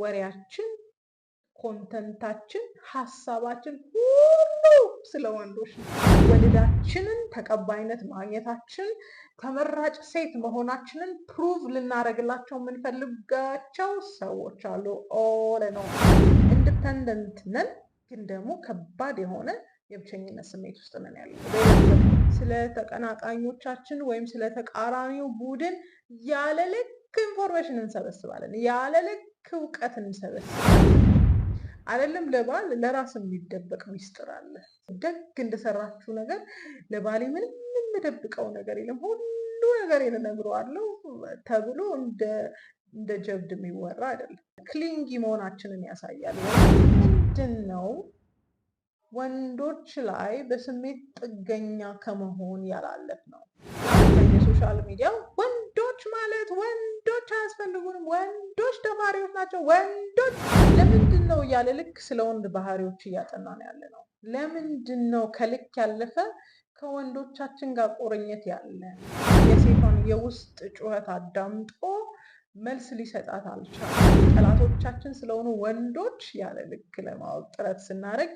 ወሬያችን፣ ኮንተንታችን፣ ሀሳባችን ሁሉ ስለ ወንዶች ነው። ወልዳችንን ተቀባይነት ማግኘታችን ተመራጭ ሴት መሆናችንን ፕሩቭ ልናደርግላቸው የምንፈልጋቸው ሰዎች አሉ። ኦለ ነው ኢንዲፐንደንት ነን፣ ግን ደግሞ ከባድ የሆነ የብቸኝነት ስሜት ውስጥ ነን ያለ ስለ ተቀናቃኞቻችን ወይም ስለ ተቃራኒው ቡድን ያለ ልክ ኢንፎርሜሽን እንሰበስባለን ያለ ልክ እውቀት እንሰበስብ አይደለም ለባል ለራስ የሚደበቅ ሚስጥር አለ። ደግ እንደሰራችሁ ነገር ለባሌ ምንም የምደብቀው ነገር የለም ሁሉ ነገር እነግረዋለሁ ተብሎ እንደ ጀብድ የሚወራ አይደለም። ክሊንጊ መሆናችንን ያሳያል። ምንድን ነው ወንዶች ላይ በስሜት ጥገኛ ከመሆን ያላለፍ ነው። በየሶሻል ሚዲያ ወንዶች ማለት ወንዶ ወንዶች አያስፈልጉንም፣ ወንዶች ተማሪዎች ናቸው፣ ወንዶች ለምንድን ነው እያለ ልክ ስለ ወንድ ባህሪዎች እያጠና ነው ያለ ነው። ለምንድን ነው ከልክ ያለፈ ከወንዶቻችን ጋር ቁርኝት ያለ? የሴቷን የውስጥ ጩኸት አዳምጦ መልስ ሊሰጣት አልቻለም። ጠላቶቻችን ስለሆኑ ወንዶች ያለ ልክ ለማወቅ ጥረት ስናደርግ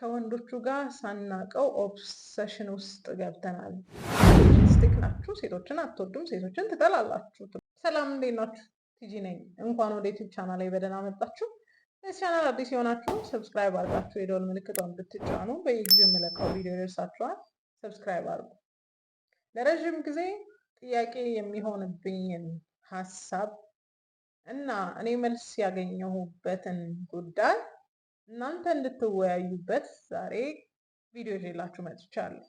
ከወንዶቹ ጋር ሳናቀው ኦብሰሽን ውስጥ ገብተናል። ሴቶችን ናችሁ፣ ሴቶችን አትወዱም፣ ሴቶችን ትጠላላችሁ ሰላም እንዴት ናችሁ? ቲጂ ነኝ። እንኳን ወደ ዩቲዩብ ቻናል ላይ በደህና መጣችሁ። ለዚህ ቻናል አዲስ የሆናችሁ ሰብስክራይብ አድርጋችሁ የደወል ምልክቷን ብትጫኑ በየጊዜው የምለቀው ቪዲዮ ይደርሳችኋል። ሰብስክራይብ አድርጉ። ለረዥም ጊዜ ጥያቄ የሚሆንብኝን ሀሳብ እና እኔ መልስ ያገኘሁበትን ጉዳይ እናንተ እንድትወያዩበት ዛሬ ቪዲዮ ይዤላችሁ መጥቻለሁ።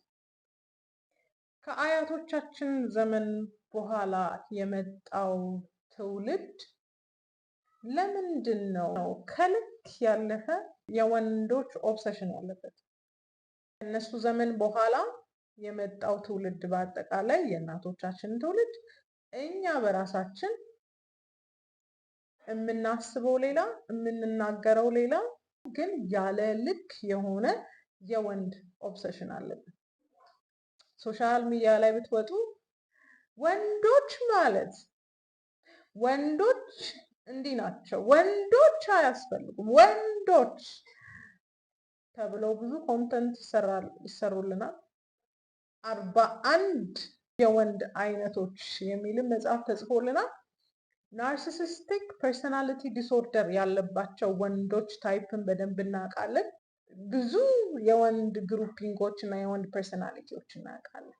ከአያቶቻችን ዘመን በኋላ የመጣው ትውልድ ለምንድን ነው ከልክ ያለፈ የወንዶች ኦብሰሽን ያለበት? እነሱ ዘመን በኋላ የመጣው ትውልድ በአጠቃላይ የእናቶቻችን ትውልድ እኛ በራሳችን የምናስበው ሌላ የምንናገረው ሌላ፣ ግን ያለ ልክ የሆነ የወንድ ኦብሰሽን አለብን። ሶሻል ሚዲያ ላይ ብትወጡ ወንዶች ማለት ወንዶች እንዲህ ናቸው፣ ወንዶች አያስፈልጉም፣ ወንዶች ተብለው ብዙ ኮንተንት ይሰሩልናል። አርባ አንድ የወንድ አይነቶች የሚልም መጽሐፍ ተጽፎልናል። ናርሲሲስቲክ ፐርሰናሊቲ ዲስኦርደር ያለባቸው ወንዶች ታይፕን በደንብ እናውቃለን። ብዙ የወንድ ግሩፒንጎች እና የወንድ ፐርሰናሊቲዎች እናውቃለን።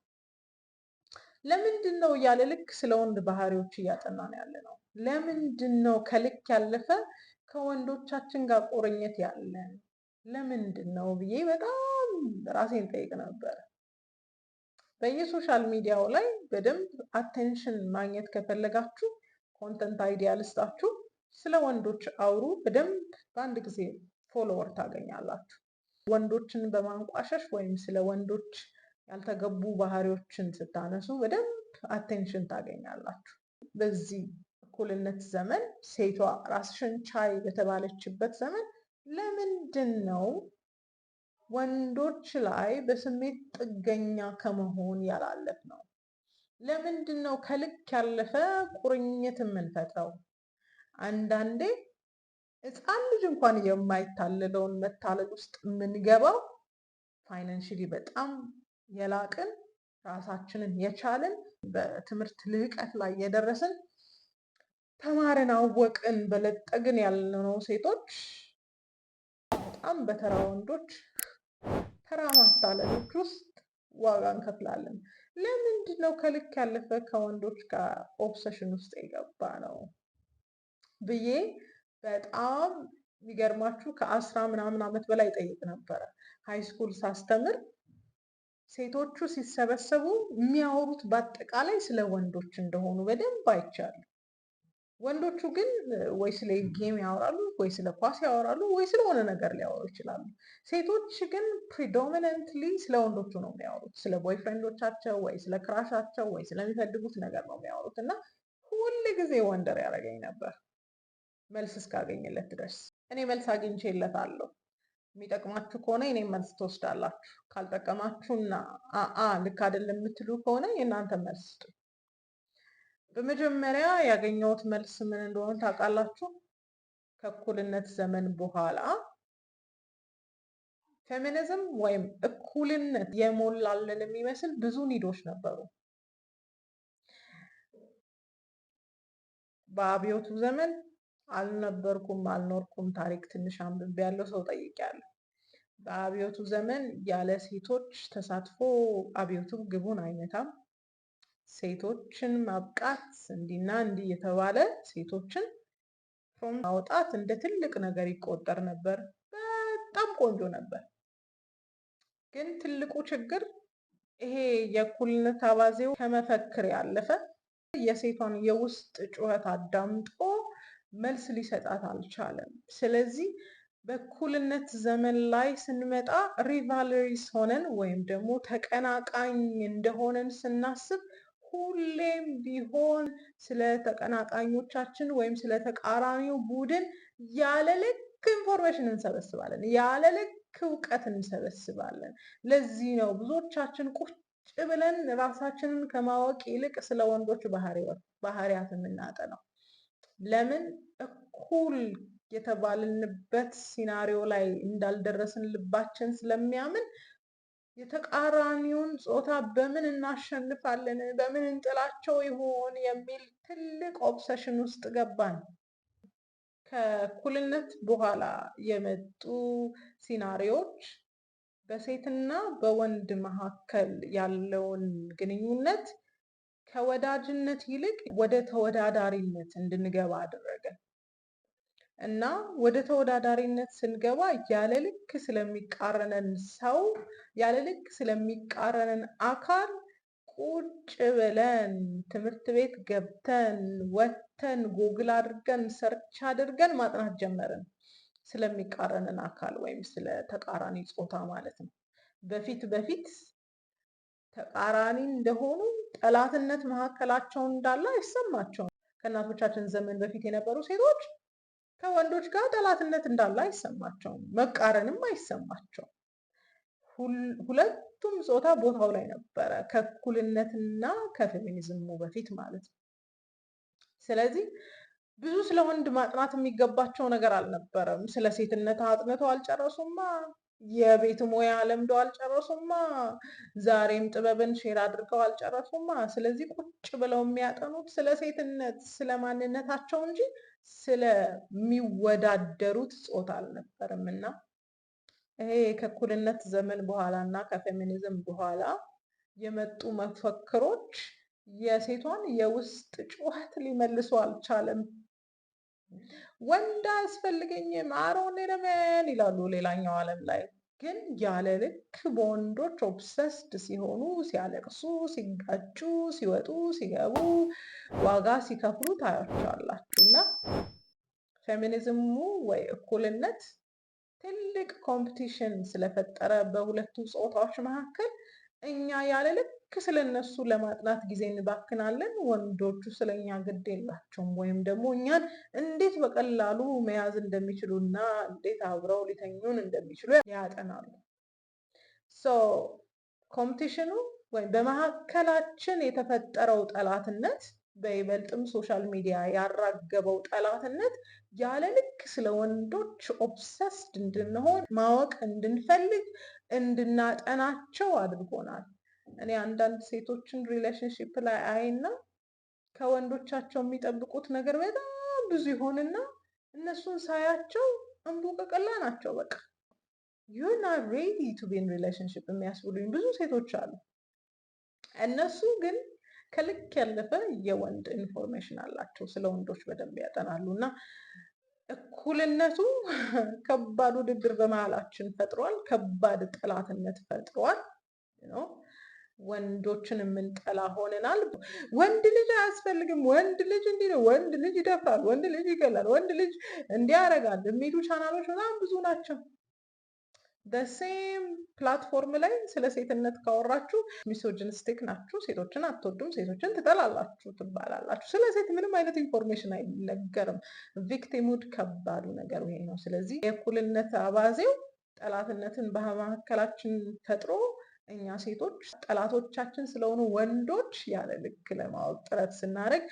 ለምንድን ነው እያለ ልክ ስለ ወንድ ባህሪዎች እያጠናን ያለ ነው። ለምንድን ነው ከልክ ያለፈ ከወንዶቻችን ጋር ቁርኝት ያለን ለምንድን ነው ብዬ በጣም ራሴን ጠይቅ ነበር? በየሶሻል ሚዲያው ላይ በደንብ አቴንሽን ማግኘት ከፈለጋችሁ ኮንተንት አይዲያ ልስጣችሁ፣ ስለ ወንዶች አውሩ በደንብ በአንድ ጊዜ ፎሎወር ታገኛላችሁ። ወንዶችን በማንቋሸሽ ወይም ስለ ወንዶች ያልተገቡ ባህሪዎችን ስታነሱ በደንብ አቴንሽን ታገኛላችሁ። በዚህ እኩልነት ዘመን ሴቷ ራስሽን ቻይ በተባለችበት ዘመን ለምንድን ነው ወንዶች ላይ በስሜት ጥገኛ ከመሆን ያላለፍ ነው? ለምንድን ነው ከልክ ያለፈ ቁርኝት የምንፈጥረው? አንዳንዴ ህፃን ልጅ እንኳን የማይታለለውን መታለል ውስጥ የምንገባው ፋይናንሽሊ በጣም የላቅን ራሳችንን የቻልን በትምህርት ልህቀት ላይ የደረስን ተማርን፣ አወቅን፣ በለጠግን ያልነው ሴቶች በጣም በተራ ወንዶች ተራ ማታለሎች ውስጥ ዋጋ እንከፍላለን። ለምንድን ነው ከልክ ያለፈ ከወንዶች ጋር ኦብሰሽን ውስጥ የገባ ነው ብዬ በጣም የሚገርማችሁ ከአስራ ምናምን ዓመት በላይ ጠይቅ ነበረ። ሃይስኩል ሳስተምር ሴቶቹ ሲሰበሰቡ የሚያወሩት በአጠቃላይ ስለ ወንዶች እንደሆኑ በደንብ አይቻሉ። ወንዶቹ ግን ወይ ስለ ጌም ያወራሉ፣ ወይ ስለ ኳስ ያወራሉ፣ ወይ ስለሆነ ነገር ሊያወሩ ይችላሉ። ሴቶች ግን ፕሪዶሚነንትሊ ስለ ወንዶቹ ነው የሚያወሩት። ስለ ቦይፍሬንዶቻቸው ወይ ስለ ክራሻቸው ወይ ስለሚፈልጉት ነገር ነው የሚያወሩት እና ሁል ጊዜ ወንደር ያደረገኝ ነበር። መልስ እስካገኝለት ድረስ እኔ መልስ አግኝቼለታለሁ። የሚጠቅማችሁ ከሆነ የኔ መልስ ትወስዳላችሁ። ካልጠቀማችሁና አአ ልክ አይደለም የምትሉ ከሆነ የእናንተ መልስ ስጡ። በመጀመሪያ ያገኘሁት መልስ ምን እንደሆነ ታውቃላችሁ? ከእኩልነት ዘመን በኋላ ፌሚኒዝም ወይም እኩልነት የሞላልን የሚመስል ብዙ ኒዶች ነበሩ። በአብዮቱ ዘመን አልነበርኩም፣ አልኖርኩም ታሪክ ትንሽ አንብቤ ያለው ሰው ጠይቄያለሁ። በአብዮቱ ዘመን ያለ ሴቶች ተሳትፎ አብዮቱ ግቡን አይመታም። ሴቶችን ማብቃት እንዲና እንዲ የተባለ ሴቶችን ማውጣት እንደ ትልቅ ነገር ይቆጠር ነበር። በጣም ቆንጆ ነበር። ግን ትልቁ ችግር ይሄ የእኩልነት አባዜው ከመፈክር ያለፈ የሴቷን የውስጥ ጩኸት አዳምጦ መልስ ሊሰጣት አልቻለም። ስለዚህ በእኩልነት ዘመን ላይ ስንመጣ ሪቫለሪስ ሆነን ወይም ደግሞ ተቀናቃኝ እንደሆነን ስናስብ ሁሌም ቢሆን ስለ ተቀናቃኞቻችን ወይም ስለ ተቃራኒው ቡድን ያለ ልክ ኢንፎርሜሽን እንሰበስባለን፣ ያለ ልክ እውቀት እንሰበስባለን። ለዚህ ነው ብዙዎቻችን ቁጭ ብለን ራሳችንን ከማወቅ ይልቅ ስለ ወንዶች ባህሪያት የምናጠናው። ለምን እኩል የተባልንበት ሲናሪዮ ላይ እንዳልደረስን ልባችን ስለሚያምን የተቃራኒውን ጾታ በምን እናሸንፋለን፣ በምን እንጥላቸው ይሆን የሚል ትልቅ ኦብሰሽን ውስጥ ገባን። ከእኩልነት በኋላ የመጡ ሲናሪዎች በሴትና በወንድ መካከል ያለውን ግንኙነት ከወዳጅነት ይልቅ ወደ ተወዳዳሪነት እንድንገባ አደረገን እና ወደ ተወዳዳሪነት ስንገባ ያለ ልክ ስለሚቃረነን ሰው ያለ ልክ ስለሚቃረነን አካል ቁጭ ብለን ትምህርት ቤት ገብተን ወተን ጎግል አድርገን ሰርች አድርገን ማጥናት ጀመርን። ስለሚቃረንን አካል ወይም ስለ ተቃራኒ ጾታ ማለት ነው። በፊት በፊት ተቃራኒ እንደሆኑ፣ ጠላትነት መካከላቸው እንዳለ አይሰማቸውም። ከእናቶቻችን ዘመን በፊት የነበሩ ሴቶች ከወንዶች ጋር ጠላትነት እንዳለ አይሰማቸውም፣ መቃረንም አይሰማቸውም። ሁለቱም ጾታ ቦታው ላይ ነበረ፣ ከእኩልነትና ከፌሚኒዝሙ በፊት ማለት ነው። ስለዚህ ብዙ ስለ ወንድ ማጥናት የሚገባቸው ነገር አልነበረም። ስለ ሴትነት አጥንተው አልጨረሱማ። የቤት ሙያ ለምዶ አልጨረሱማ። ዛሬም ጥበብን ሼር አድርገው አልጨረሱማ። ስለዚህ ቁጭ ብለው የሚያጠኑት ስለ ሴትነት፣ ስለ ማንነታቸው እንጂ ስለሚወዳደሩት ጾታ አልነበርም እና ይሄ ከእኩልነት ዘመን በኋላ እና ከፌሚኒዝም በኋላ የመጡ መፈክሮች የሴቷን የውስጥ ጩኸት ሊመልሱ አልቻለም። ወንድ አያስፈልገኝም አሮን ለመን ይላሉ። ሌላኛው ዓለም ላይ ግን ያለ ልክ በወንዶች ኦብሰስድ ሲሆኑ ሲያለቅሱ፣ ሲጋጩ፣ ሲወጡ፣ ሲገቡ ዋጋ ሲከፍሉ ታያቸዋላችሁ። እና ፌሚኒዝሙ ወይ እኩልነት ትልቅ ኮምፒቲሽን ስለፈጠረ በሁለቱ ፆታዎች መካከል እኛ ያለ ልክ ስለ እነሱ ለማጥናት ጊዜ እንባክናለን። ወንዶቹ ስለኛ ግድ የላቸውም ወይም ደግሞ እኛን እንዴት በቀላሉ መያዝ እንደሚችሉ እና እንዴት አብረው ሊተኙን እንደሚችሉ ያጠናሉ። ኮምፒቲሽኑ ወይም በመካከላችን የተፈጠረው ጠላትነት በይበልጥም ሶሻል ሚዲያ ያራገበው ጠላትነት ያለ ልክ ስለ ወንዶች ኦብሰስድ እንድንሆን ማወቅ እንድንፈልግ እንድናጠናቸው አድርጎናል። እኔ አንዳንድ ሴቶችን ሪሌሽንሽፕ ላይ አይና ከወንዶቻቸው የሚጠብቁት ነገር በጣም ብዙ ይሆንና እነሱን ሳያቸው እምቡቅቅላ ናቸው። በቃ ዩና ሬዲ ቱ ቢን ሪሌሽንሽፕ የሚያስብሉኝ ብዙ ሴቶች አሉ። እነሱ ግን ከልክ ያለፈ የወንድ ኢንፎርሜሽን አላቸው። ስለ ወንዶች በደንብ ያጠናሉ እና እኩልነቱ ከባድ ውድድር በመሃላችን ፈጥሯል። ከባድ ጠላትነት ፈጥሯል ወንዶችን የምንጠላ ሆነናል። ወንድ ልጅ አያስፈልግም፣ ወንድ ልጅ እንዲህ ነው፣ ወንድ ልጅ ይደፍራል፣ ወንድ ልጅ ይገላል፣ ወንድ ልጅ እንዲህ ያደርጋል የሚሉ ቻናሎች በጣም ብዙ ናቸው። በሴም ፕላትፎርም ላይ ስለ ሴትነት ካወራችሁ ሚሶጂኒስቲክ ናችሁ፣ ሴቶችን አትወዱም፣ ሴቶችን ትጠላላችሁ ትባላላችሁ። ስለ ሴት ምንም አይነት ኢንፎርሜሽን አይነገርም። ቪክቲሙድ ከባዱ ነገር ይሄ ነው። ስለዚህ የእኩልነት አባዜው ጠላትነትን በመካከላችን ፈጥሮ እኛ ሴቶች ጠላቶቻችን ስለሆኑ ወንዶች ያለ ልክ ለማወቅ ጥረት ስናደርግ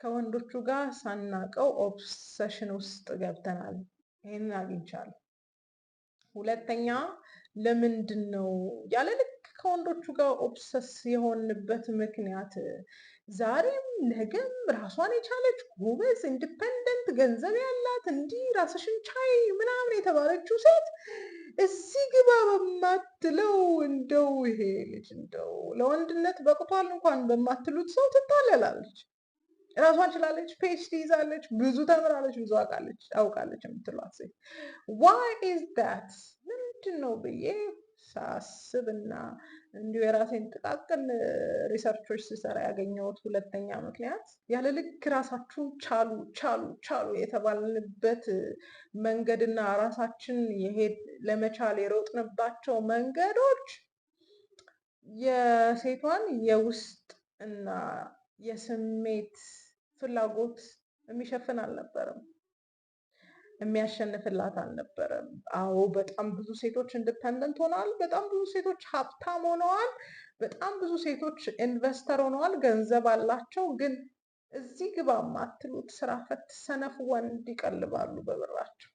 ከወንዶቹ ጋር ሳናቀው ኦብሰሽን ውስጥ ገብተናል። ይህንን አግኝቻለሁ። ሁለተኛ ለምንድን ነው ያለ ልክ ከወንዶቹ ጋር ኦብሰስ የሆንበት ምክንያት? ዛሬም ነገም ራሷን የቻለች ጎበዝ፣ ኢንዲፐንደንት፣ ገንዘብ ያላት እንዲህ ራስሽን ቻይ ምናምን የተባለችው ሴት እዚህ ግባ በማትለው እንደው ይሄ ልጅ እንደው ለወንድነት በቅቷል እንኳን በማትሉት ሰው ትታለላለች። እራሷን ችላለች፣ ፒኤችዲ ይዛለች፣ ብዙ ተምራለች፣ ብዙ አውቃለች አውቃለች የምትሏት ሴት ዋይ ኢዝ ዳት ምንድን ነው ብዬ ሳስብና እንዲሁ የራሴን ጥቃቅን ሪሰርቾች ስሰራ ያገኘሁት ሁለተኛ ምክንያት ያለ ልክ ራሳችሁን ቻሉ ቻሉ ቻሉ የተባልንበት መንገድና ራሳችን የሄድ ለመቻል የሮጥንባቸው መንገዶች የሴቷን የውስጥ እና የስሜት ፍላጎት የሚሸፍን አልነበረም። የሚያሸንፍላት አልነበረም። አዎ በጣም ብዙ ሴቶች ኢንዲፐንደንት ሆነዋል። በጣም ብዙ ሴቶች ሀብታም ሆነዋል። በጣም ብዙ ሴቶች ኢንቨስተር ሆነዋል፣ ገንዘብ አላቸው። ግን እዚህ ግባ ማትሉት ስራ ፈት ሰነፍ ወንድ ይቀልባሉ በብራቸው።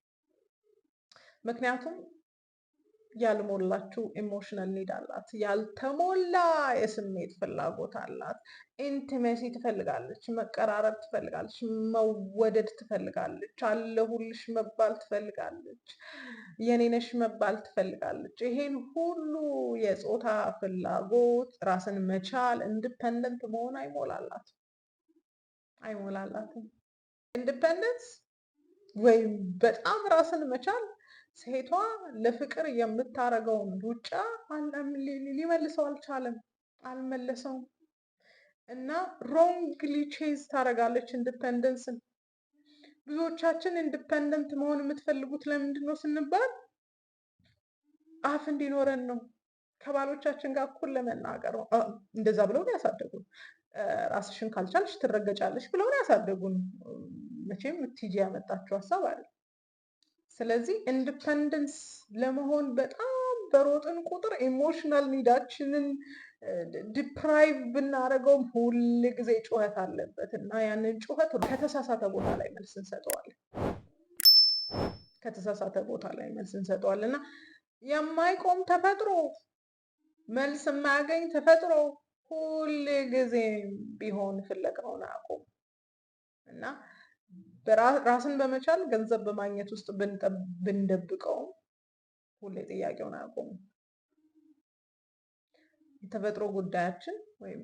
ምክንያቱም ያልሞላችው ኢሞሽናል ኒድ አላት። ያልተሞላ የስሜት ፍላጎት አላት። ኢንቲሜሲ ትፈልጋለች፣ መቀራረብ ትፈልጋለች፣ መወደድ ትፈልጋለች፣ አለሁልሽ መባል ትፈልጋለች፣ የኔነሽ መባል ትፈልጋለች። ይሄን ሁሉ የጾታ ፍላጎት ራስን መቻል ኢንዲፐንደንት መሆን አይሞላላት አይሞላላትም። ኢንዲፐንደንስ ወይም በጣም ራስን መቻል ሴቷ ለፍቅር የምታረገውን ሩጫ ሊመልሰው አልቻለም፣ አልመለሰውም እና ሮንግሊ ቼዝ ታደርጋለች ኢንዲፐንደንስን። ብዙዎቻችን ኢንዲፐንደንት መሆን የምትፈልጉት ለምንድን ነው ስንባል አፍ እንዲኖረን ነው፣ ከባሎቻችን ጋር እኩል ለመናገር እንደዛ ብለው ያሳደጉ ራስሽን ካልቻልሽ ትረገጫለሽ ብለውን ያሳደጉን። መቼም ቲጂ ያመጣችው ሀሳብ አይደል። ስለዚህ ኢንዲፐንደንስ ለመሆን በጣም በሮጥን ቁጥር ኢሞሽናል ኒዳችንን ዲፕራይቭ ብናደርገውም ሁል ጊዜ ጩኸት አለበት እና ያንን ጩኸት ከተሳሳተ ቦታ ላይ መልስ እንሰጠዋለን። ከተሳሳተ ቦታ ላይ መልስ እንሰጠዋለን እና የማይቆም ተፈጥሮ መልስ የማያገኝ ተፈጥሮ ሁል ጊዜ ቢሆን ፍለጋውን አቁም እና ራስን በመቻል ገንዘብ በማግኘት ውስጥ ብንደብቀው ሁሌ ጥያቄውን አያቆሙም። የተፈጥሮ ጉዳያችን ወይም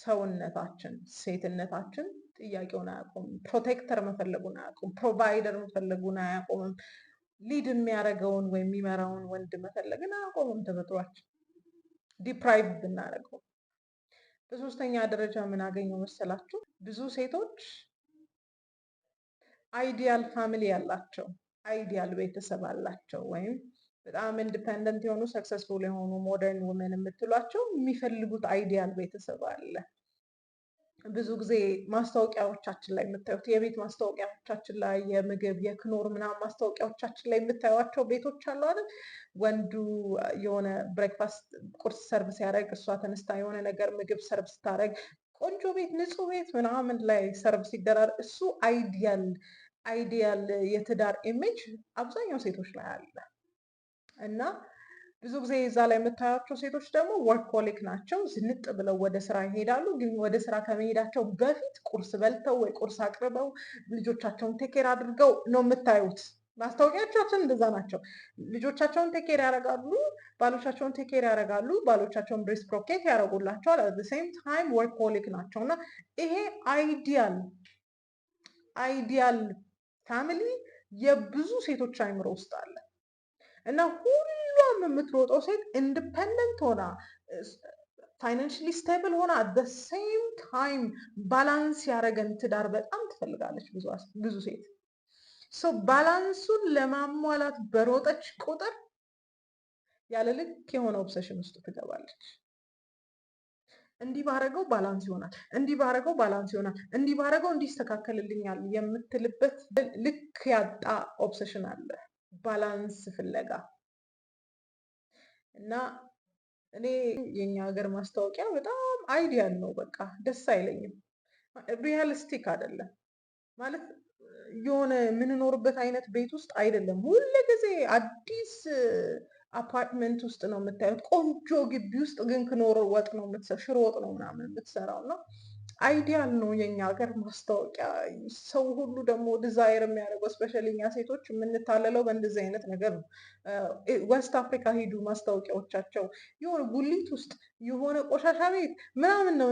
ሰውነታችን፣ ሴትነታችን ጥያቄውን አያቆምም። ፕሮቴክተር መፈለጉን አያቆም። ፕሮቫይደር መፈለጉን አያቆምም። ሊድ የሚያደረገውን ወይም የሚመራውን ወንድ መፈለግን አያቆምም። ተፈጥሯችን ዲፕራይቭ ብናደረገው በሶስተኛ ደረጃ የምናገኘው መሰላችሁ? ብዙ ሴቶች አይዲያል ፋሚሊ ያላቸው አይዲያል ቤተሰብ አላቸው ወይም በጣም ኢንዲፐንደንት የሆኑ ሰክሰስፉል የሆኑ ሞደርን ውመን የምትሏቸው የሚፈልጉት አይዲያል ቤተሰብ አለ። ብዙ ጊዜ ማስታወቂያዎቻችን ላይ የምታዩት የቤት ማስታወቂያዎቻችን ላይ የምግብ የክኖር ምናምን ማስታወቂያዎቻችን ላይ የምታዩቸው ቤቶች አሉ አይደል? ወንዱ የሆነ ብሬክፋስት ቁርስ ሰርቭ ሲያደርግ እሷ ተነስታ የሆነ ነገር ምግብ ሰርቭ ስታደርግ ቆንጆ ቤት ንጹህ ቤት ምናምን ላይ ሰርብ ሲደራር እሱ አይዲያል አይዲያል የትዳር ኢሜጅ አብዛኛው ሴቶች ላይ አለ እና ብዙ ጊዜ እዛ ላይ የምታያቸው ሴቶች ደግሞ ወርኮሊክ ናቸው። ዝንጥ ብለው ወደ ስራ ይሄዳሉ። ግን ወደ ስራ ከመሄዳቸው በፊት ቁርስ በልተው ወይ ቁርስ አቅርበው ልጆቻቸውን ቴኬር አድርገው ነው የምታዩት። ማስታወቂያቸውን እንደዛ ናቸው። ልጆቻቸውን ቴኬር ያደርጋሉ፣ ባሎቻቸውን ቴኬር ያደርጋሉ፣ ባሎቻቸውን ሪስፕሮኬት ያደርጉላቸዋል። አት ሴም ታይም ወርክ ኮሊክ ናቸው እና ይሄ አይዲያል አይዲያል ፋሚሊ የብዙ ሴቶች አይምሮ ውስጥ አለ እና ሁሉም የምትሮጠው ሴት ኢንዲፐንደንት ሆና ፋይናንሽሊ ስቴብል ሆና አት ሴም ታይም ባላንስ ያደረገን ትዳር በጣም ትፈልጋለች ብዙ ሴት ሰው ባላንሱን ለማሟላት በሮጠች ቁጥር ያለ ልክ የሆነ ኦብሰሽን ውስጥ ትገባለች። እንዲህ ባረገው ባላንስ ይሆናል፣ እንዲህ ባረገው ባላንስ ይሆናል፣ እንዲህ ባረገው እንዲስተካከልልኛል የምትልበት ልክ ያጣ ኦብሰሽን አለ፣ ባላንስ ፍለጋ እና እኔ የኛ ሀገር ማስታወቂያ በጣም አይዲያል ነው። በቃ ደስ አይለኝም፣ ሪያሊስቲክ አይደለም ማለት የሆነ የምንኖርበት አይነት ቤት ውስጥ አይደለም። ሁል ጊዜ አዲስ አፓርትመንት ውስጥ ነው የምታዩት። ቆንጆ ግቢ ውስጥ ግን ክኖር ወጥ ነው ሽሮ ወጥ ነው ምናምን የምትሰራው ነው አይዲያል ነው የኛ ሀገር ማስታወቂያ። ሰው ሁሉ ደግሞ ዲዛይር የሚያደርገው ስፔሻሊ እኛ ሴቶች የምንታለለው በእንደዚህ አይነት ነገር ነው። ዌስት አፍሪካ ሂዱ ማስታወቂያዎቻቸው የሆነ ጉሊት ውስጥ የሆነ ቆሻሻ ቤት ምናምን ነው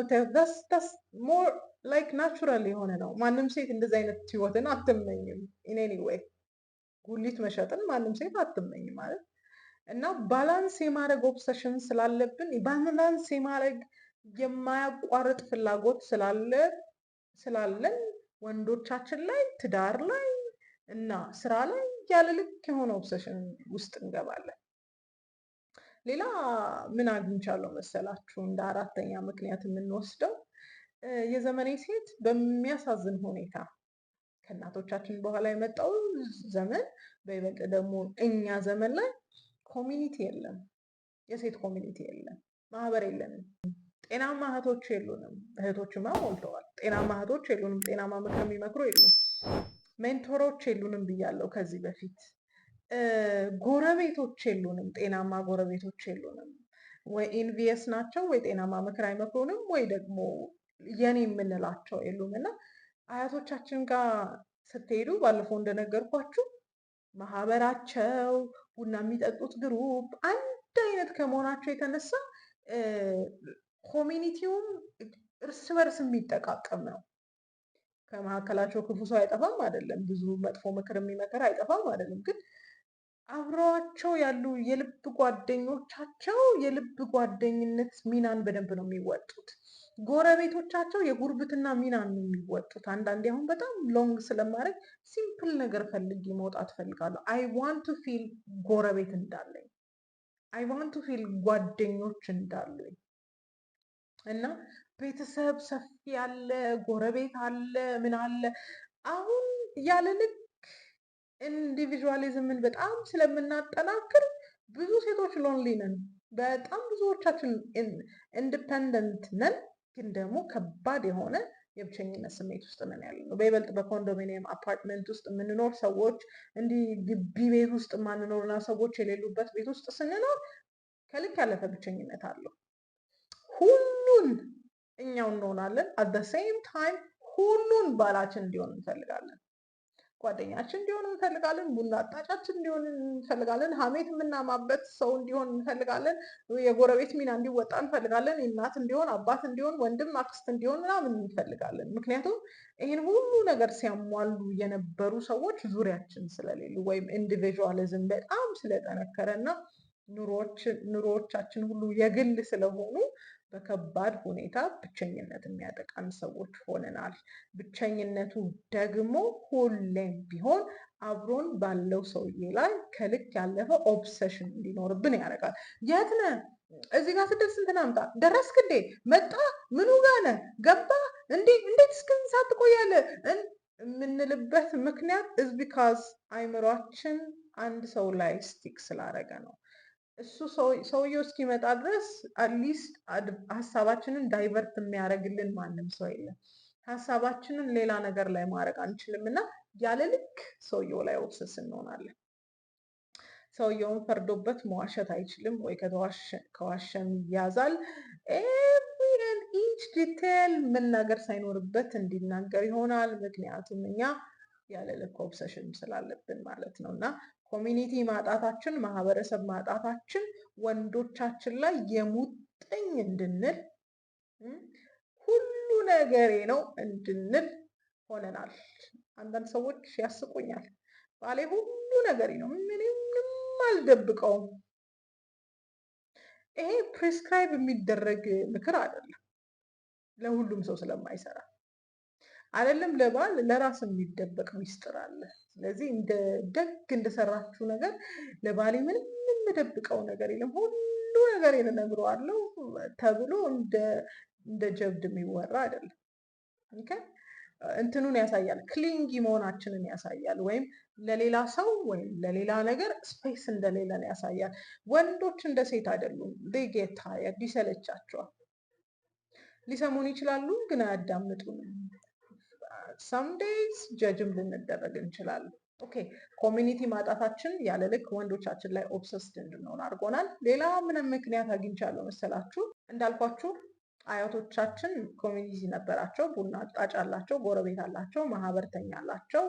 ታስ ሞር ላይክ ናቹራል የሆነ ነው። ማንም ሴት እንደዚህ አይነት ህይወትን አትመኝም። ኢን ኤኒ ዌይ ጉሊት መሸጥን ማንም ሴት አትመኝ ማለት እና ባላንስ የማድረግ ኦብሰሽን ስላለብን ባላንስ የማድረግ የማያቋርጥ ፍላጎት ስላለ ስላለን ወንዶቻችን ላይ ትዳር ላይ እና ስራ ላይ ያለ ልክ የሆነ ኦብሰሽን ውስጥ እንገባለን። ሌላ ምን አግኝቻለሁ መሰላችሁ? እንደ አራተኛ ምክንያት የምንወስደው የዘመኔ ሴት በሚያሳዝን ሁኔታ ከእናቶቻችን በኋላ የመጣው ዘመን በይበልጥ ደግሞ እኛ ዘመን ላይ ኮሚኒቲ የለም፣ የሴት ኮሚኒቲ የለም፣ ማህበር የለንም። ጤናማ እህቶች የሉንም። እህቶችማ ሞልተዋል። ጤናማ እህቶች የሉንም። ጤናማ ምክር የሚመክሩ የሉም። ሜንቶሮች የሉንም ብያለው ከዚህ በፊት። ጎረቤቶች የሉንም። ጤናማ ጎረቤቶች የሉንም። ወይ ኢንቪየስ ናቸው፣ ወይ ጤናማ ምክር አይመክሩንም፣ ወይ ደግሞ የኔ የምንላቸው የሉም እና አያቶቻችን ጋር ስትሄዱ ባለፈው እንደነገርኳችሁ ማህበራቸው፣ ቡና የሚጠጡት ግሩፕ አንድ አይነት ከመሆናቸው የተነሳ ኮሚኒቲውም እርስ በርስ የሚጠቃቀም ነው። ከመካከላቸው ክፉ ሰው አይጠፋም አይደለም፣ ብዙ መጥፎ ምክር የሚመክር አይጠፋም አይደለም። ግን አብረዋቸው ያሉ የልብ ጓደኞቻቸው የልብ ጓደኝነት ሚናን በደንብ ነው የሚወጡት። ጎረቤቶቻቸው የጉርብትና ሚናን ነው የሚወጡት። አንዳንዴ አሁን በጣም ሎንግ ስለማድረግ ሲምፕል ነገር ፈልጌ መውጣት ፈልጋለሁ። አይ ዋንት ቱ ፊል ጎረቤት እንዳለኝ፣ አይ ዋንት ቱ ፊል ጓደኞች እንዳሉኝ እና ቤተሰብ ሰፊ አለ፣ ጎረቤት አለ፣ ምን አለ። አሁን ያለ ልክ ኢንዲቪዥዋሊዝምን በጣም ስለምናጠናክር ብዙ ሴቶች ሎንሊ ነን። በጣም ብዙዎቻችን ኢንዲፐንደንት ነን፣ ግን ደግሞ ከባድ የሆነ የብቸኝነት ስሜት ውስጥ ነን ያለ ነው። በይበልጥ በኮንዶሚኒየም አፓርትመንት ውስጥ የምንኖር ሰዎች እንዲህ ግቢ ቤት ውስጥ ማንኖርና ሰዎች የሌሉበት ቤት ውስጥ ስንኖር ከልክ ያለፈ ብቸኝነት አለው። ሁሉን እኛው እንሆናለን። አት ደ ሴም ታይም ሁሉን ባላችን እንዲሆን እንፈልጋለን። ጓደኛችን እንዲሆን እንፈልጋለን። ቡና አጣጫችን እንዲሆን እንፈልጋለን። ሀሜት የምናማበት ሰው እንዲሆን እንፈልጋለን። የጎረቤት ሚና እንዲወጣ እንፈልጋለን። እናት እንዲሆን፣ አባት እንዲሆን፣ ወንድም አክስት እንዲሆን ምናምን እንፈልጋለን። ምክንያቱም ይህን ሁሉ ነገር ሲያሟሉ የነበሩ ሰዎች ዙሪያችን ስለሌሉ ወይም ኢንዲቪዥዋሊዝም በጣም ስለጠነከረ እና ኑሮዎቻችን ሁሉ የግል ስለሆኑ በከባድ ሁኔታ ብቸኝነት የሚያጠቃን ሰዎች ሆነናል። ብቸኝነቱ ደግሞ ሁሌም ቢሆን አብሮን ባለው ሰውዬ ላይ ከልክ ያለፈ ኦብሰሽን እንዲኖርብን ያደርጋል። የት ነ? እዚህ ጋር ስደርስ እንትን አምጣ፣ ደረስክ መጣ? ምኑ ጋር ገባ እንዴ? እንዴት እስክን ሳትቆያለህ የምንልበት ምክንያት እዝ ቢካዝ አይምሯችን አንድ ሰው ላይ ስቲክ ስላደረገ ነው። እሱ ሰውየው እስኪመጣ ድረስ አትሊስት ሀሳባችንን ዳይቨርት የሚያደርግልን ማንም ሰው የለም። ሀሳባችንን ሌላ ነገር ላይ ማድረግ አንችልም እና ያለ ልክ ሰውየው ላይ ኦብሰስ እንሆናለን። ሰውየውን ፈርዶበት መዋሸት አይችልም ወይ ከዋሸም ይያዛል። ኤቭሪን ኢንች ዲቴል ምን ነገር ሳይኖርበት እንዲናገር ይሆናል። ምክንያቱም እኛ ያለ ልክ ኦብሰሽን ስላለብን ማለት ነው እና ኮሚኒቲ ማጣታችን፣ ማህበረሰብ ማጣታችን ወንዶቻችን ላይ የሙጥኝ እንድንል ሁሉ ነገሬ ነው እንድንል ሆነናል። አንዳንድ ሰዎች ያስቁኛል። ባሌ ሁሉ ነገሬ ነው፣ ምንም አልደብቀውም። ይሄ ፕሪስክራይብ የሚደረግ ምክር አይደለም፣ ለሁሉም ሰው ስለማይሰራ አይደለም። ለባል ለራስ የሚደበቅ ሚስጥር አለ። ስለዚህ እንደ ደግ እንደሰራችሁ ነገር ለባሌ ምንም የምደብቀው ነገር የለም፣ ሁሉ ነገር እነግረዋለሁ ተብሎ እንደ ጀብድ የሚወራ አይደለም። እንትኑን ያሳያል፣ ክሊንጊ መሆናችንን ያሳያል። ወይም ለሌላ ሰው ወይም ለሌላ ነገር ስፔስ እንደሌለን ያሳያል። ወንዶች እንደ ሴት አይደሉም። ጌታ ይሰለቻቸዋል። ሊሰሙን ይችላሉ፣ ግን አያዳምጡንም። ሰምዴይዝ ጀጅም ልንደረግ እንችላለን። ኦኬ ኮሚኒቲ ማጣታችን ያለ ልክ ወንዶቻችን ላይ ኦብሰስድ እንድንሆን አድርጎናል። ሌላ ምንም ምክንያት አግኝቻለሁ መሰላችሁ? እንዳልኳችሁ አያቶቻችን ኮሚኒቲ ነበራቸው። ቡና አጣጭ አላቸው፣ ጎረቤት አላቸው፣ ማህበርተኛ አላቸው፣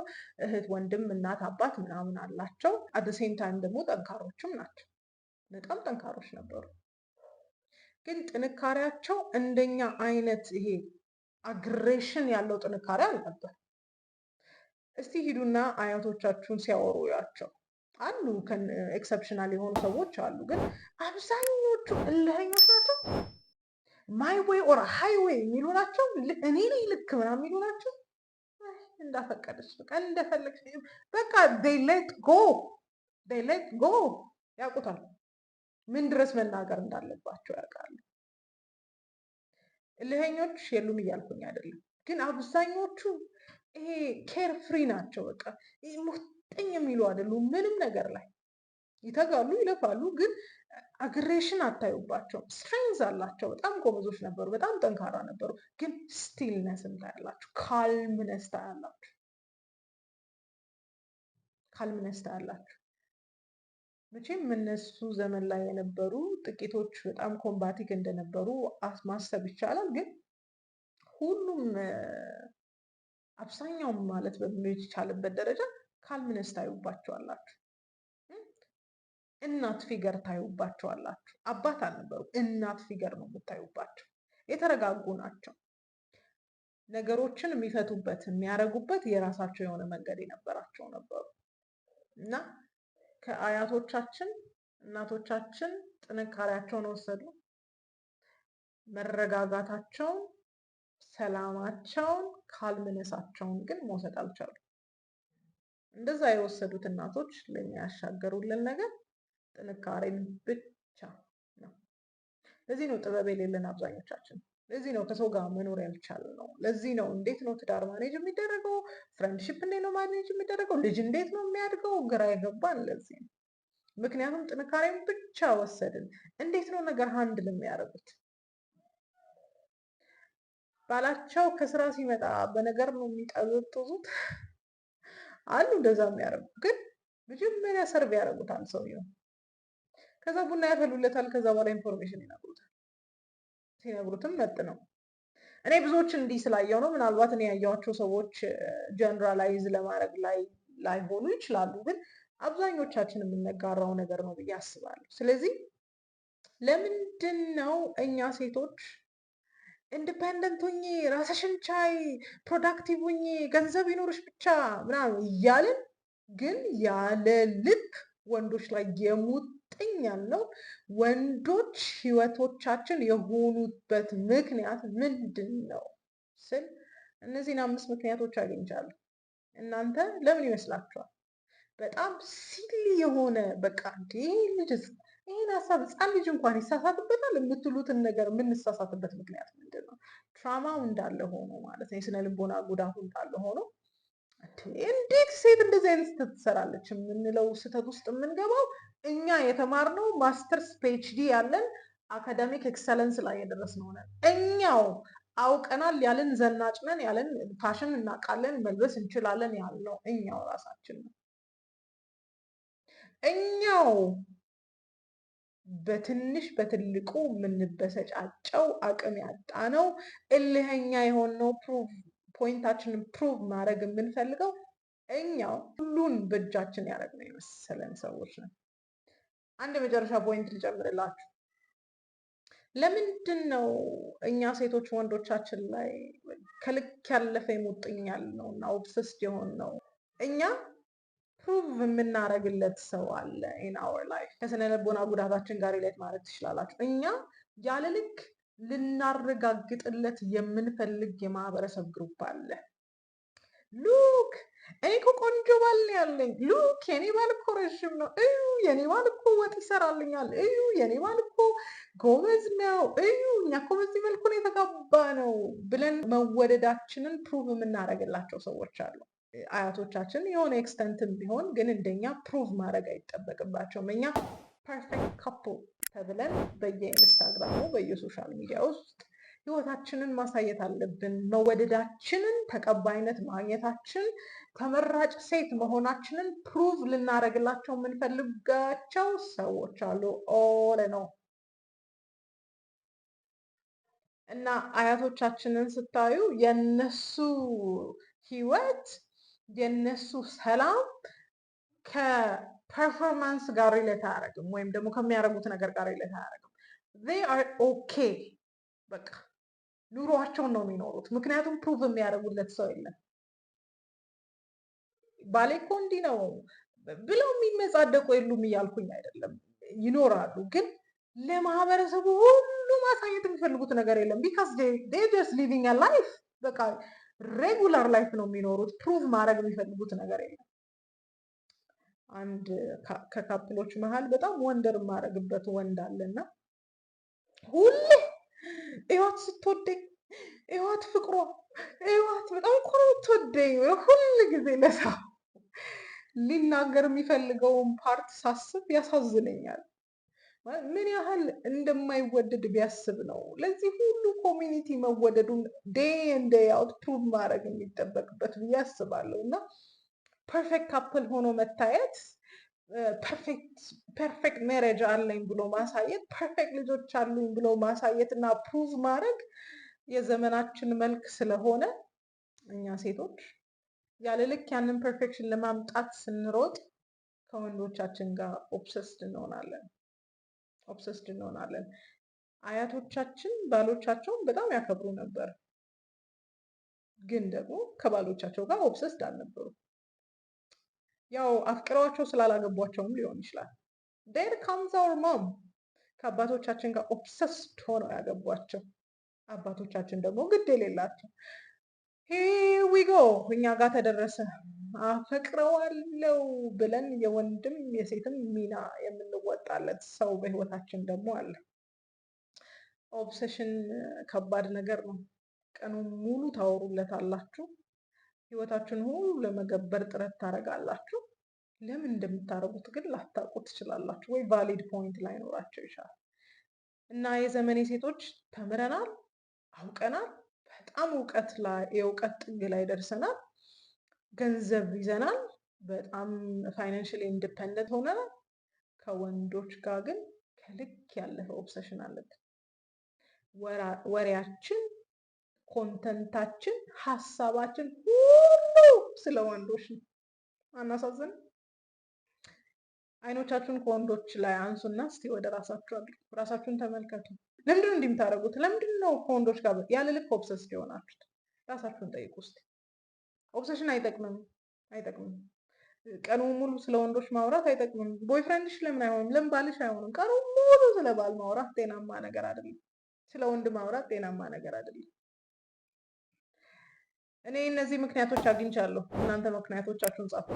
እህት ወንድም፣ እናት አባት ምናምን አላቸው። ሴም ታይም ደግሞ ጠንካሮችም ናቸው። በጣም ጠንካሮች ነበሩ። ግን ጥንካሬያቸው እንደኛ አይነት ይሄ አግሬሽን ያለው ጥንካሬ አልነበር። እስቲ ሂዱና አያቶቻችሁን ሲያወሩ ያቸው አሉ። ኤክሰፕሽናል የሆኑ ሰዎች አሉ፣ ግን አብዛኞቹ እልኸኞች ናቸው። ማይ ወይ ኦር ወይ የሚሉ ናቸው። እኔ ነኝ ልክ ምናምን የሚሉ ናቸው። እንዳፈቀደች በቃ እንደፈለግ በቃ ሌት ጎ ሌት ጎ ያውቁታል። ምን ድረስ መናገር እንዳለባቸው ያውቃሉ። ልህኞች የሉም እያልኩኝ አይደለም፣ ግን አብዛኞቹ ይሄ ኬር ፍሪ ናቸው። በቃ ሙጥኝ የሚሉ አይደሉም። ምንም ነገር ላይ ይተጋሉ፣ ይለፋሉ፣ ግን አግሬሽን አታዩባቸውም። ስትሬንዝ አላቸው። በጣም ጎበዞች ነበሩ፣ በጣም ጠንካራ ነበሩ፣ ግን ስቲልነስ ታያላችሁ፣ ካልምነስ ታያላችሁ፣ ካልምነስ ታያላችሁ። መቼም እነሱ ዘመን ላይ የነበሩ ጥቂቶች በጣም ኮምባቲክ እንደነበሩ ማሰብ ይቻላል። ግን ሁሉም አብዛኛውም ማለት በሚቻልበት ደረጃ ካልምነስ ታዩባቸዋላችሁ፣ እናት ፊገር ታዩባቸዋላችሁ። አባት አልነበሩ እናት ፊገር ነው የምታዩባቸው። የተረጋጉ ናቸው። ነገሮችን የሚፈቱበት የሚያረጉበት የራሳቸው የሆነ መንገድ የነበራቸው ነበሩ እና ከአያቶቻችን እናቶቻችን ጥንካሬያቸውን ወሰዱ፣ መረጋጋታቸውን፣ ሰላማቸውን፣ ካልምነሳቸውን ግን መውሰድ አልቻሉ። እንደዛ የወሰዱት እናቶች ለሚያሻገሩልን ያሻገሩልን ነገር ጥንካሬን ብቻ ነው። ለዚህ ነው ጥበብ የሌለን አብዛኞቻችን። ለዚህ ነው ከሰው ጋር መኖር ያልቻል ነው። ለዚህ ነው እንዴት ነው ትዳር ማኔጅ የሚደረገው፣ ፍሬንድሽፕ እንዴት ነው ማኔጅ የሚደረገው፣ ልጅ እንዴት ነው የሚያድገው፣ ግራ የገባን ለዚህ ነው። ምክንያቱም ጥንካሬን ብቻ ወሰድን። እንዴት ነው ነገር ሀንድል የሚያደርጉት? ባላቸው ከስራ ሲመጣ በነገር ነው የሚጠዘጥዙት አሉ። እንደዛ የሚያደርጉ ግን መጀመሪያ ሰርቭ ያደርጉታል ሰውየው፣ ከዛ ቡና ያፈሉለታል፣ ከዛ በኋላ ኢንፎርሜሽን ይነግሩታል። ሲነግሩትም መጥ ነው። እኔ ብዙዎች እንዲህ ስላየው ነው። ምናልባት እኔ ያየኋቸው ሰዎች ጀነራላይዝ ለማድረግ ላይ ላይሆኑ ይችላሉ፣ ግን አብዛኞቻችን የምንጋራው ነገር ነው ብዬ አስባለሁ። ስለዚህ ለምንድን ነው እኛ ሴቶች ኢንዲፐንደንት ሁኚ፣ ራስሽን ቻይ፣ ፕሮዳክቲቭ ሁኚ፣ ገንዘብ ይኖርሽ ብቻ ምናምን እያልን ግን ያለ ልክ ወንዶች ላይ የሙጥኝ ያለው ወንዶች ህይወቶቻችን የሆኑበት ምክንያት ምንድን ነው ስል እነዚህን አምስት ምክንያቶች አግኝቻለሁ። እናንተ ለምን ይመስላችኋል? በጣም ሲል የሆነ በቃ እንዴ ይህን ሀሳብ ህፃን ልጅ እንኳን ይሳሳትበታል የምትሉትን ነገር የምንሳሳትበት ምክንያት ምንድን ነው? ትራማው እንዳለ ሆኖ ማለት ነው፣ የስነ ልቦና ጉዳቱ እንዳለ ሆኖ እንዴት ሴት እንደዚህ አይነት ስህተት ትሰራለች የምንለው ስህተት ውስጥ የምንገባው እኛ የተማርነው ማስተርስ ፒኤችዲ ያለን አካዳሚክ ኤክሰለንስ ላይ የደረስነው ነን። እኛው አውቀናል ያለን ዘናጭነን ያለን ፋሽን እናውቃለን መልበስ እንችላለን ያልነው እኛው ራሳችን ነው። እኛው በትንሽ በትልቁ የምንበሰጫጨው አቅም ያጣ ነው እልህኛ የሆነው ፕሩቭ ፖይንታችንን ፕሩቭ ማድረግ የምንፈልገው እኛው ሁሉን በእጃችን ያደረግነው የመሰለን ሰዎች ነው። አንድ የመጨረሻ ፖይንት ልጨምርላችሁ። ለምንድን ነው እኛ ሴቶች ወንዶቻችን ላይ ከልክ ያለፈ የሙጥኝ ነው እና ኦብሰስድ የሆን ነው? እኛ ፕሩቭ የምናደርግለት ሰው አለ ኢን አወር ላይፍ። ከስነ ልቦና ጉዳታችን ጋር ሪሌት ማድረግ ትችላላችሁ። እኛ ያለ ልክ ልናረጋግጥለት የምንፈልግ የማህበረሰብ ግሩፕ አለ። ሉክ እኔ እኮ ቆንጆ ባል ያለኝ፣ ሉክ የኔ ባል እኮ ረዥም ነው፣ እዩ የኔ ባል እኮ ወጥ ይሰራልኛል፣ እዩ የኔ ባል እኮ ጎበዝ ነው፣ እዩ እኛ እኮ በዚህ መልኩ ነው የተጋባ ነው ብለን መወደዳችንን ፕሩቭ የምናደርግላቸው ሰዎች አሉ። አያቶቻችን የሆነ ኤክስተንትም ቢሆን ግን እንደኛ ፕሩቭ ማድረግ አይጠበቅባቸውም። እኛ ፐርፌክት ካፕል ተብለን በየኢንስታግራሙ በየሶሻል ሚዲያ ውስጥ ህይወታችንን ማሳየት አለብን። መወደዳችንን፣ ተቀባይነት ማግኘታችን፣ ተመራጭ ሴት መሆናችንን ፕሩቭ ልናደርግላቸው የምንፈልጋቸው ሰዎች አሉ። ኦለ ነው እና አያቶቻችንን ስታዩ የነሱ ህይወት የነሱ ሰላም ፐርፎርማንስ ጋር ሪሌት አያደርግም፣ ወይም ደግሞ ከሚያደርጉት ነገር ጋር ሪሌት አያደርግም። ዜይ አር ኦኬ በቃ ኑሯቸውን ነው የሚኖሩት። ምክንያቱም ፕሩቭ የሚያደርጉለት ሰው የለም። ባሌ እኮ እንዲህ ነው ብለው የሚመጻደቁ የሉም እያልኩኝ አይደለም፣ ይኖራሉ። ግን ለማህበረሰቡ ሁሉ ማሳየት የሚፈልጉት ነገር የለም። ቢካስ ጀስ ሊቪንግ ላይፍ በቃ ሬጉላር ላይፍ ነው የሚኖሩት። ፕሩቭ ማድረግ የሚፈልጉት ነገር የለም። አንድ ከካፕሎች መሀል በጣም ወንደር የማደርግበት ወንድ አለና ሁሌ እዋት ስትወደኝ እዋት ፍቅሯ እዋት በጣም እኮ ነው የምትወደኝ ሁል ጊዜ ለሳ ሊናገር የሚፈልገውን ፓርት ሳስብ ያሳዝነኛል። ምን ያህል እንደማይወደድ ቢያስብ ነው ለዚህ ሁሉ ኮሚኒቲ መወደዱን ዴይ ኤንድ ዴይ አውት ፕሩቭ ማድረግ የሚጠበቅበት ብዬ አስባለሁ እና ፐርፌክት ካፕል ሆኖ መታየት ፐርፌክት ሜሬጅ አለኝ ብሎ ማሳየት ፐርፌክት ልጆች አሉኝ ብሎ ማሳየት እና ፕሩቭ ማድረግ የዘመናችን መልክ ስለሆነ እኛ ሴቶች ያለ ልክ ያንን ፐርፌክሽን ለማምጣት ስንሮጥ ከወንዶቻችን ጋር ኦብሰስድ እንሆናለን ኦብሰስድ እንሆናለን። አያቶቻችን ባሎቻቸውን በጣም ያከብሩ ነበር፣ ግን ደግሞ ከባሎቻቸው ጋር ኦብሰስድ አልነበሩም። ያው አፍቅረዋቸው ስላላገቧቸውም ሊሆን ይችላል። ዴር ካምዝ አወር ማም ከአባቶቻችን ጋር ኦብሰስድ ሆነው ያገቧቸው አባቶቻችን ደግሞ ግድ የሌላቸው ሂር እኛ ጋር ተደረሰ። አፈቅረዋለው ብለን የወንድም የሴትም ሚና የምንወጣለት ሰው በህይወታችን ደግሞ አለ። ኦብሴሽን ከባድ ነገር ነው። ቀኑን ሙሉ ታወሩለት አላችሁ ህይወታችሁን ሁሉ ለመገበር ጥረት ታደርጋላችሁ። ለምን እንደምታደርጉት ግን ላታውቁ ትችላላችሁ፣ ወይ ቫሊድ ፖይንት ላይኖራቸው ይችላል። እና የዘመኔ ሴቶች ተምረናል፣ አውቀናል፣ በጣም እውቀት ላይ የእውቀት ጥግ ላይ ደርሰናል፣ ገንዘብ ይዘናል፣ በጣም ፋይናንሽል ኢንዲፐንደንት ሆነናል። ከወንዶች ጋር ግን ከልክ ያለፈ ኦብሰሽን አለብን። ወሬያችን ኮንተንታችን፣ ሀሳባችን ሁሉ ስለ ወንዶች ነው። አናሳዝን? አይኖቻችሁን ከወንዶች ላይ አንሱና እስቲ ወደ ራሳችሁ አድርጉ። ራሳችሁን ተመልከቱ። ለምንድን ነው እንዲህ የምታደርጉት? ለምንድን ነው ከወንዶች ጋር ያለ ልክ ኦብሰስ የሆናችሁት? ራሳችሁን ጠይቁ እስቲ። ኦብሰሽን አይጠቅምም፣ አይጠቅምም። ቀኑ ሙሉ ስለ ወንዶች ማውራት አይጠቅምም። ቦይፍሬንድሽ ለምን አይሆንም? ለምን ባልሽ አይሆንም? ቀኑ ሙሉ ስለ ባል ማውራት ጤናማ ነገር አይደለም። ስለ ወንድ ማውራት ጤናማ ነገር አይደለም። እኔ እነዚህ ምክንያቶች አግኝቻለሁ። እናንተ ምክንያቶቻችሁን ጻፉ።